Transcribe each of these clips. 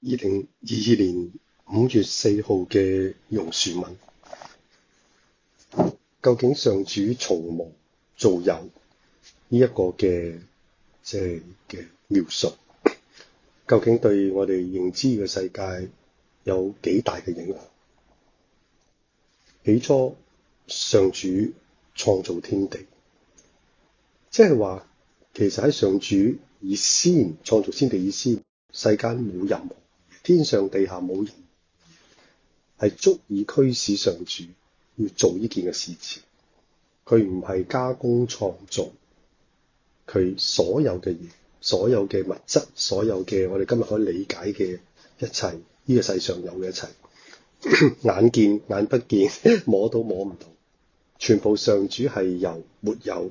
二零二二年五月四號嘅榕樹文，究竟上主從無造有呢一個嘅即係嘅描述，究竟對我哋認知嘅世界有幾大嘅影響？起初上主創造天地，即係話，其實喺上主以先創造天地以先，世間冇任何。天上地下冇義，係足以驅使上主要做呢件嘅事情。佢唔係加工創造，佢所有嘅嘢，所有嘅物質，所有嘅我哋今日可以理解嘅一切，呢、這個世上有嘅一切， 眼見眼不見，摸都摸唔到，全部上主係由沒有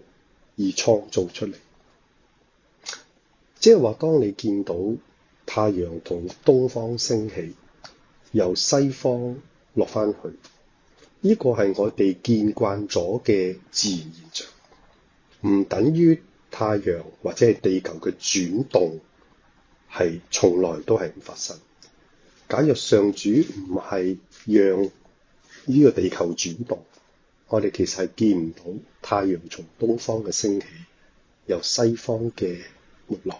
而創造出嚟。即係話，當你見到。太陽同東方升起，由西方落翻去，呢個係我哋見慣咗嘅自然現象。唔等於太陽或者係地球嘅轉動係從來都係唔發生。假若上主唔係讓呢個地球轉動，我哋其實係見唔到太陽從東方嘅升起，由西方嘅沒落。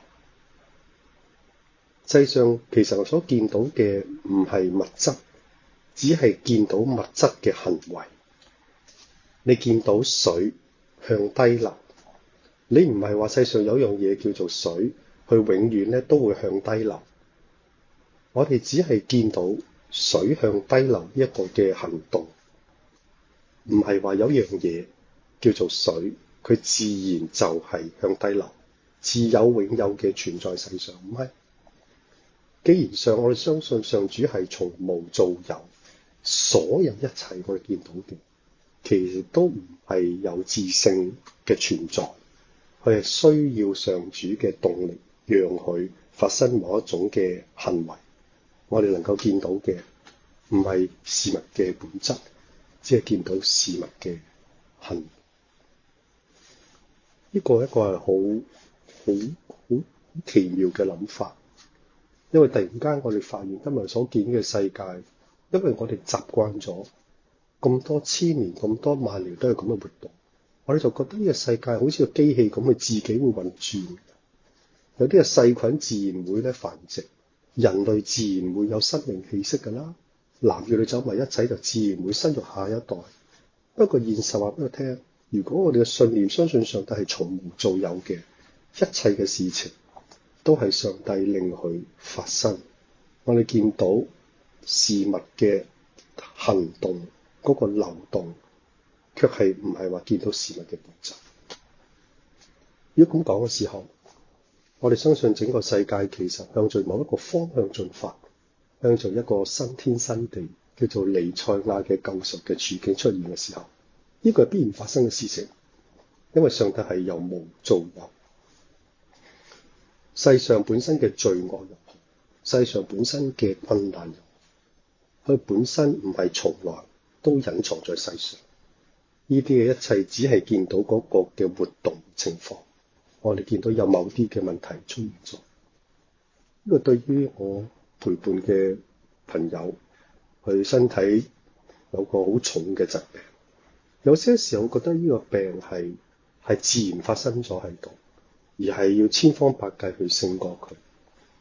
世上，其實我所見到嘅唔係物質，只係見到物質嘅行為。你見到水向低流，你唔係話世上有一樣嘢叫做水，佢永遠咧都會向低流。我哋只係見到水向低流一個嘅行動，唔係話有樣嘢叫做水，佢自然就係向低流，自有永有嘅存在世上，唔係。既然上，我哋相信上主係從無造有所，所有一切我哋見到嘅，其實都唔係有自性嘅存在，佢係需要上主嘅動力，讓佢發生某一種嘅行為。我哋能夠見到嘅，唔係事物嘅本質，只係見到事物嘅行。呢個一個係好好好奇妙嘅諗法。因為突然間，我哋發現今日所見嘅世界，因為我哋習慣咗咁多千年，咁多萬年都係咁嘅活動，我哋就覺得呢個世界好似個機器咁，佢自己會運轉。有啲嘅細菌自然會咧繁殖，人類自然會有生命氣息㗎啦。男與女走埋一齊，就自然會生育下一代。不過現實話俾我聽，如果我哋嘅信念相信上帝係從無做有嘅一切嘅事情。都係上帝令佢發生。我哋見到事物嘅行動嗰個流動，卻係唔係話見到事物嘅本質。如果咁講嘅時候，我哋相信整個世界其實向住某一個方向進發，向住一個新天新地，叫做尼塞亞嘅救贖嘅處境出現嘅時候，呢個係必然發生嘅事情，因為上帝係由無造有。世上本身嘅罪惡，世上本身嘅困難，佢本身唔係從來都隱藏在世上。呢啲嘅一切，只係見到嗰個嘅活動情況。我哋見到有某啲嘅問題出現咗。呢個對於我陪伴嘅朋友，佢身體有個好重嘅疾病。有些時候覺得呢個病係係自然發生咗喺度。而係要千方百計去勝過佢，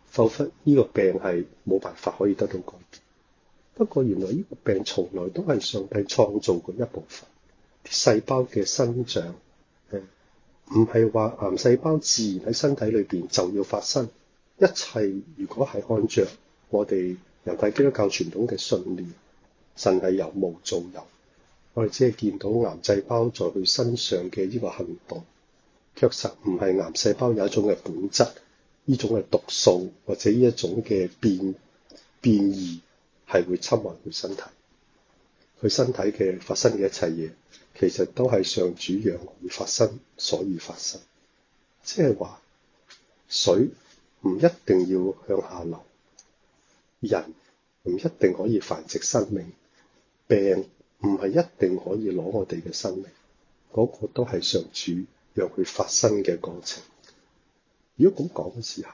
否則呢個病係冇辦法可以得到改變。不過原來呢個病從來都係上帝創造嘅一部分，啲細胞嘅生長，誒唔係話癌細胞自然喺身體裏邊就要發生。一切如果係按照我哋猶太基督教傳統嘅信念，神係由無造有，我哋只係見到癌細胞在佢身上嘅呢個行動。確實唔係癌細胞有一種嘅本質，呢種嘅毒素或者呢一種嘅變變異係會侵害佢身體。佢身體嘅發生嘅一切嘢，其實都係上主讓會發生，所以發生。即係話水唔一定要向下流，人唔一定可以繁殖生命，病唔係一定可以攞我哋嘅生命，嗰個都係上主。讓佢發生嘅過程。如果咁講嘅時候，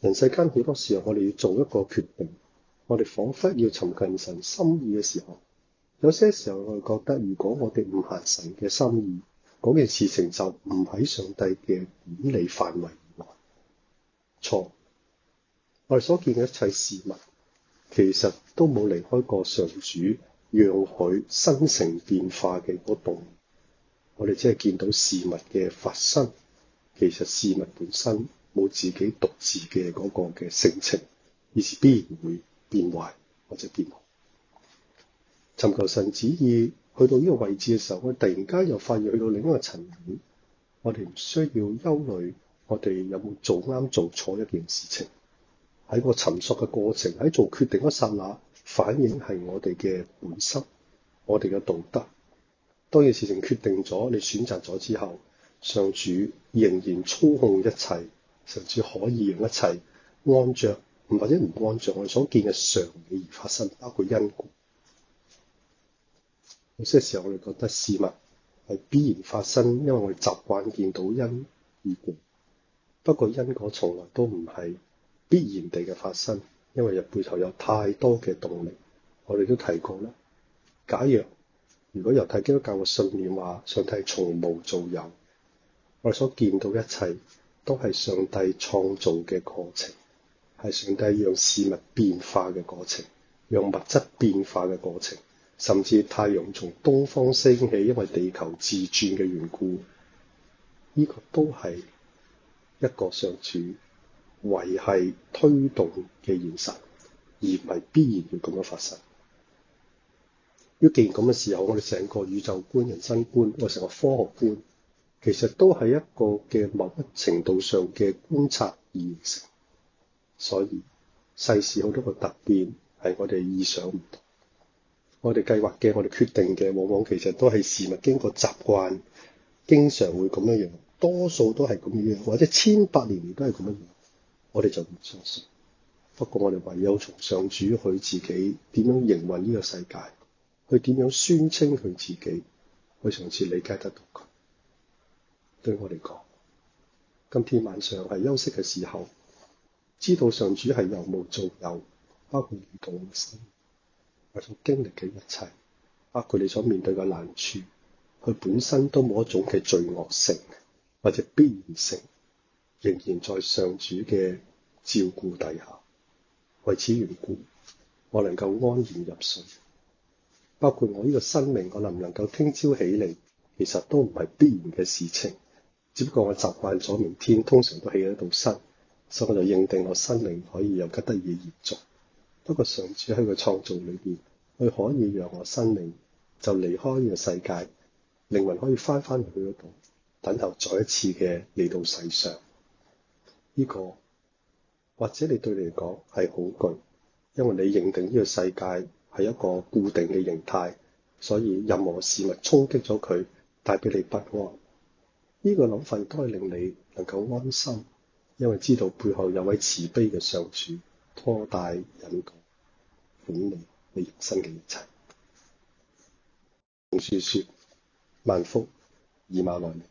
人世間好多時候，我哋要做一個決定，我哋仿佛要尋近神心意嘅時候，有些時候我哋覺得，如果我哋唔行神嘅心意，嗰件事情就唔喺上帝嘅管理範圍內。錯，我哋所見嘅一切事物，其實都冇離開過上主，讓佢生成變化嘅嗰度。我哋只係見到事物嘅發生，其實事物本身冇自己獨自嘅嗰個嘅性情，而是必然會變壞或者變好。尋求神旨意去到呢個位置嘅時候，我突然間又發現去到另一個層面，我哋唔需要憂慮，我哋有冇做啱做錯一件事情。喺個尋索嘅過程，喺做決定嗰剎那，反應係我哋嘅本心，我哋嘅道德。當件事情決定咗，你選擇咗之後，上主仍然操控一切，甚至可以讓一切按著，或者唔按著我哋所見嘅常理而發生，包括因果。有些時候我哋覺得事物係必然發生，因為我哋習慣見到因而果。不過因果從來都唔係必然地嘅發生，因為入背後有太多嘅動力。我哋都提過啦，假若。如果猶太基督教嘅信念話，上帝從無造有，我哋所見到一切都係上帝創造嘅過程，係上帝讓事物變化嘅過程，讓物質變化嘅過程，甚至太陽從東方升起，因為地球自轉嘅緣故，呢個都係一個上主維繫、推動嘅現實，而唔係必然要咁樣發生。要既然咁嘅時候，我哋成個宇宙觀、人生觀，我成個科學觀，其實都係一個嘅某一程度上嘅觀察而形成。所以世事好多個突變係我哋意想唔到。我哋計劃嘅、我哋決定嘅，往往其實都係事物經過習慣，經常會咁樣樣，多數都係咁樣樣，或者千百年嚟都係咁樣樣，我哋就唔相信。不過我哋唯有從上主佢自己點樣營運呢個世界。佢點樣宣稱佢自己？佢從此理解得到佢對我嚟講，今天晚上係休息嘅時候，知道上主係由無造有，包括遇到嘅事，或所經歷嘅一切，包括你所面對嘅難處，佢本身都冇一種嘅罪惡性或者必然性，仍然在上主嘅照顧底下。為此緣故，我能夠安然入睡。包括我呢個生命，我能唔能夠聽朝起嚟，其實都唔係必然嘅事情。只不過我習慣咗，明天通常都起得到身，所以我就認定我生命可以有吉得嘢延續。不過上主喺個創造裏邊，佢可以讓我生命就離開呢個世界，靈魂可以翻翻去嗰度，等候再一次嘅嚟到世上。呢個或者你對你嚟講係恐懼，因為你認定呢個世界。係一個固定嘅形態，所以任何事物衝擊咗佢，帶俾你不安。呢、這個諗法都係令你能夠安心，因為知道背後有位慈悲嘅上主拖帶引導，管理你你人生嘅一切。同事説：萬福，以馬內利。